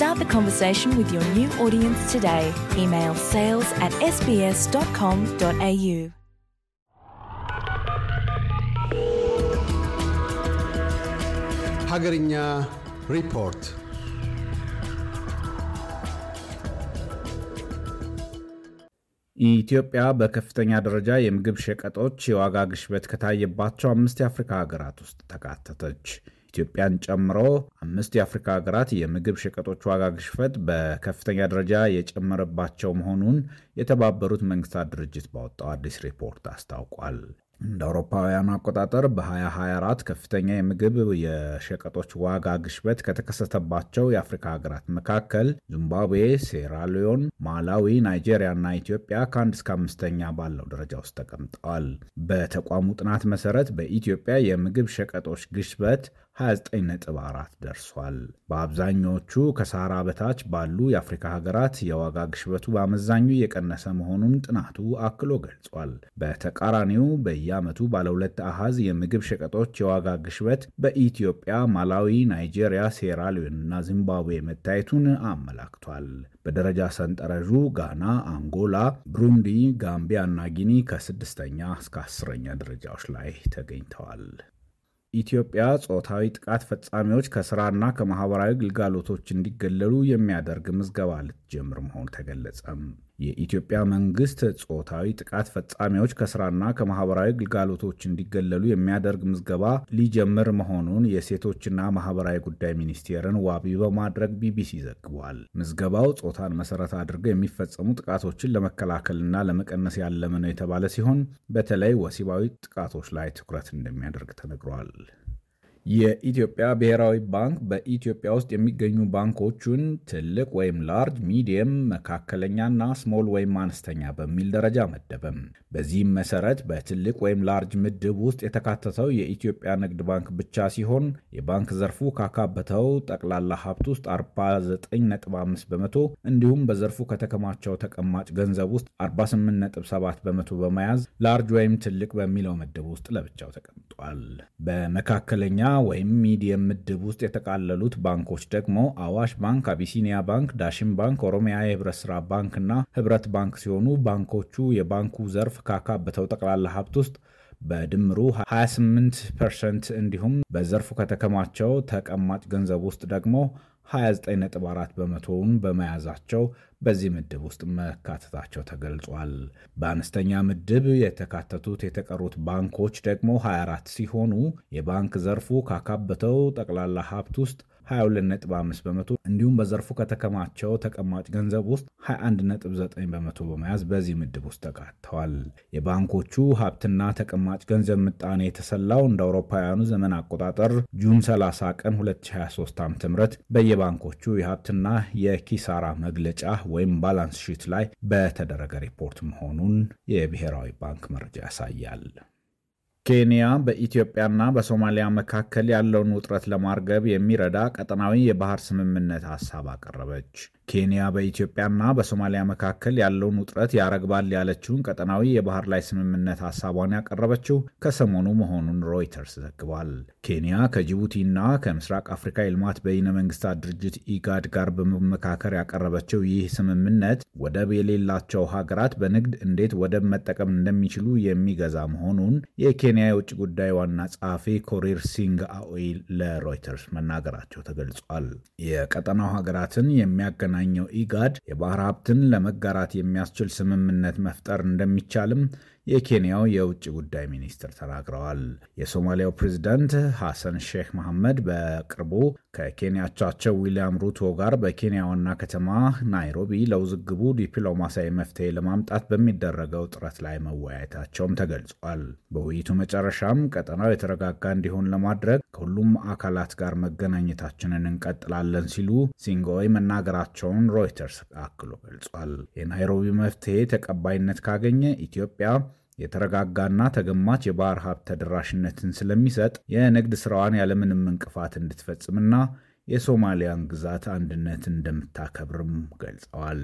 Start the conversation with your new audience today. Email sales at sbs.com.au. Hagarinya report. ኢትዮጵያ በከፍተኛ ደረጃ የምግብ ሸቀጦች የዋጋ ግሽበት ከታየባቸው አምስት የአፍሪካ ሀገራት ውስጥ ተካተተች። ኢትዮጵያን ጨምሮ አምስት የአፍሪካ ሀገራት የምግብ ሸቀጦች ዋጋ ግሽፈት በከፍተኛ ደረጃ የጨመረባቸው መሆኑን የተባበሩት መንግስታት ድርጅት ባወጣው አዲስ ሪፖርት አስታውቋል። እንደ አውሮፓውያኑ አቆጣጠር በ2024 ከፍተኛ የምግብ የሸቀጦች ዋጋ ግሽበት ከተከሰተባቸው የአፍሪካ ሀገራት መካከል ዚምባብዌ፣ ሴራሊዮን፣ ማላዊ፣ ናይጄሪያ እና ኢትዮጵያ ከአንድ እስከ አምስተኛ ባለው ደረጃ ውስጥ ተቀምጠዋል። በተቋሙ ጥናት መሰረት በኢትዮጵያ የምግብ ሸቀጦች ግሽበት 29.4 ደርሷል። በአብዛኛዎቹ ከሳራ በታች ባሉ የአፍሪካ ሀገራት የዋጋ ግሽበቱ በአመዛኙ የቀነሰ መሆኑን ጥናቱ አክሎ ገልጿል። በተቃራኒው በየዓመቱ ባለሁለት አሃዝ የምግብ ሸቀጦች የዋጋ ግሽበት በኢትዮጵያ፣ ማላዊ፣ ናይጄሪያ፣ ሴራሊዮንና ዚምባብዌ መታየቱን አመላክቷል። በደረጃ ሰንጠረዡ ጋና፣ አንጎላ፣ ብሩንዲ፣ ጋምቢያ እና ጊኒ ከስድስተኛ እስከ አስረኛ ደረጃዎች ላይ ተገኝተዋል። ኢትዮጵያ ጾታዊ ጥቃት ፈጻሚዎች ከስራና ከማህበራዊ ግልጋሎቶች እንዲገለሉ የሚያደርግ ምዝገባ ልትጀምር መሆኑ ተገለጸም። የኢትዮጵያ መንግስት ጾታዊ ጥቃት ፈጻሚዎች ከስራና ከማህበራዊ ግልጋሎቶች እንዲገለሉ የሚያደርግ ምዝገባ ሊጀምር መሆኑን የሴቶችና ማህበራዊ ጉዳይ ሚኒስቴርን ዋቢ በማድረግ ቢቢሲ ዘግቧል። ምዝገባው ጾታን መሰረት አድርገው የሚፈጸሙ ጥቃቶችን ለመከላከልና ለመቀነስ ያለመ ነው የተባለ ሲሆን በተለይ ወሲባዊ ጥቃቶች ላይ ትኩረት እንደሚያደርግ ተነግሯል። የኢትዮጵያ ብሔራዊ ባንክ በኢትዮጵያ ውስጥ የሚገኙ ባንኮቹን ትልቅ ወይም ላርጅ፣ ሚዲየም፣ መካከለኛና ስሞል ወይም አነስተኛ በሚል ደረጃ መደበም። በዚህም መሰረት በትልቅ ወይም ላርጅ ምድብ ውስጥ የተካተተው የኢትዮጵያ ንግድ ባንክ ብቻ ሲሆን የባንክ ዘርፉ ካካበተው ጠቅላላ ሀብት ውስጥ 49.5 በመቶ እንዲሁም በዘርፉ ከተከማቸው ተቀማጭ ገንዘብ ውስጥ 48.7 በመቶ በመያዝ ላርጅ ወይም ትልቅ በሚለው ምድብ ውስጥ ለብቻው ተቀምጧል። በመካከለኛ ወይም ሚዲየም ምድብ ውስጥ የተቃለሉት ባንኮች ደግሞ አዋሽ ባንክ፣ አቢሲኒያ ባንክ፣ ዳሽን ባንክ፣ ኦሮሚያ የህብረት ስራ ባንክ እና ህብረት ባንክ ሲሆኑ ባንኮቹ የባንኩ ዘርፍ ካካበተው ጠቅላላ ሀብት ውስጥ በድምሩ 28 ፐርሰንት እንዲሁም በዘርፉ ከተከማቸው ተቀማጭ ገንዘብ ውስጥ ደግሞ 29.4 በመቶውን በመያዛቸው በዚህ ምድብ ውስጥ መካተታቸው ተገልጿል። በአነስተኛ ምድብ የተካተቱት የተቀሩት ባንኮች ደግሞ 24 ሲሆኑ የባንክ ዘርፉ ካካበተው ጠቅላላ ሀብት ውስጥ 22.5 በመቶ እንዲሁም በዘርፉ ከተከማቸው ተቀማጭ ገንዘብ ውስጥ 21.9 በመቶ በመያዝ በዚህ ምድብ ውስጥ ተካተዋል። የባንኮቹ ሀብትና ተቀማጭ ገንዘብ ምጣኔ የተሰላው እንደ አውሮፓውያኑ ዘመን አቆጣጠር ጁን 30 ቀን 2023 ዓ.ም በየ የባንኮቹ የሀብትና የኪሳራ መግለጫ ወይም ባላንስ ሺት ላይ በተደረገ ሪፖርት መሆኑን የብሔራዊ ባንክ መረጃ ያሳያል። ኬንያ በኢትዮጵያና በሶማሊያ መካከል ያለውን ውጥረት ለማርገብ የሚረዳ ቀጠናዊ የባህር ስምምነት ሀሳብ አቀረበች። ኬንያ በኢትዮጵያና በሶማሊያ መካከል ያለውን ውጥረት ያረግባል ያለችውን ቀጠናዊ የባህር ላይ ስምምነት ሀሳቧን ያቀረበችው ከሰሞኑ መሆኑን ሮይተርስ ዘግቧል። ኬንያ ከጅቡቲና ከምስራቅ አፍሪካ የልማት በይነ መንግስታት ድርጅት ኢጋድ ጋር በመመካከር ያቀረበችው ይህ ስምምነት ወደብ የሌላቸው ሀገራት በንግድ እንዴት ወደብ መጠቀም እንደሚችሉ የሚገዛ መሆኑን የኬንያ የውጭ ጉዳይ ዋና ጸሐፊ ኮሪር ሲንግ አኦይል ለሮይተርስ መናገራቸው ተገልጿል። የቀጠናው ሀገራትን የሚያገና የተገናኘው ኢጋድ የባህር ሀብትን ለመጋራት የሚያስችል ስምምነት መፍጠር እንደሚቻልም የኬንያው የውጭ ጉዳይ ሚኒስትር ተናግረዋል። የሶማሊያው ፕሬዚዳንት ሐሰን ሼህ መሐመድ በቅርቡ ከኬንያቻቸው ዊልያም ሩቶ ጋር በኬንያ ዋና ከተማ ናይሮቢ ለውዝግቡ ዲፕሎማሲያዊ መፍትሄ ለማምጣት በሚደረገው ጥረት ላይ መወያየታቸውም ተገልጿል። በውይይቱ መጨረሻም ቀጠናው የተረጋጋ እንዲሆን ለማድረግ ከሁሉም አካላት ጋር መገናኘታችንን እንቀጥላለን ሲሉ ሲንጎይ መናገራቸውን ሮይተርስ አክሎ ገልጿል። የናይሮቢ መፍትሄ ተቀባይነት ካገኘ ኢትዮጵያ የተረጋጋና ተገማች የባህር ሀብት ተደራሽነትን ስለሚሰጥ የንግድ ስራዋን ያለምንም እንቅፋት እንድትፈጽምና የሶማሊያን ግዛት አንድነት እንደምታከብርም ገልጸዋል።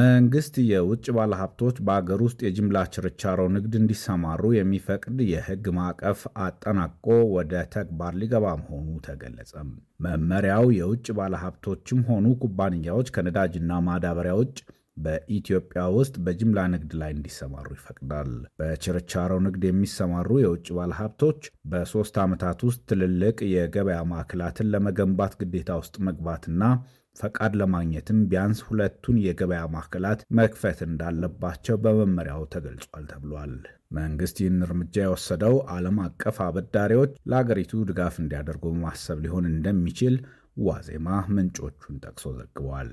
መንግስት የውጭ ባለሀብቶች በአገር ውስጥ የጅምላ ችርቻሮ ንግድ እንዲሰማሩ የሚፈቅድ የህግ ማዕቀፍ አጠናቆ ወደ ተግባር ሊገባ መሆኑ ተገለጸም። መመሪያው የውጭ ባለሀብቶችም ሆኑ ኩባንያዎች ከነዳጅና ማዳበሪያ ውጭ በኢትዮጵያ ውስጥ በጅምላ ንግድ ላይ እንዲሰማሩ ይፈቅዳል። በችርቻሮ ንግድ የሚሰማሩ የውጭ ባለሀብቶች በሶስት ዓመታት ውስጥ ትልልቅ የገበያ ማዕከላትን ለመገንባት ግዴታ ውስጥ መግባትና ፈቃድ ለማግኘትም ቢያንስ ሁለቱን የገበያ ማዕከላት መክፈት እንዳለባቸው በመመሪያው ተገልጿል ተብሏል። መንግስት ይህን እርምጃ የወሰደው ዓለም አቀፍ አበዳሪዎች ለአገሪቱ ድጋፍ እንዲያደርጉ በማሰብ ሊሆን እንደሚችል ዋዜማ ምንጮቹን ጠቅሶ ዘግቧል።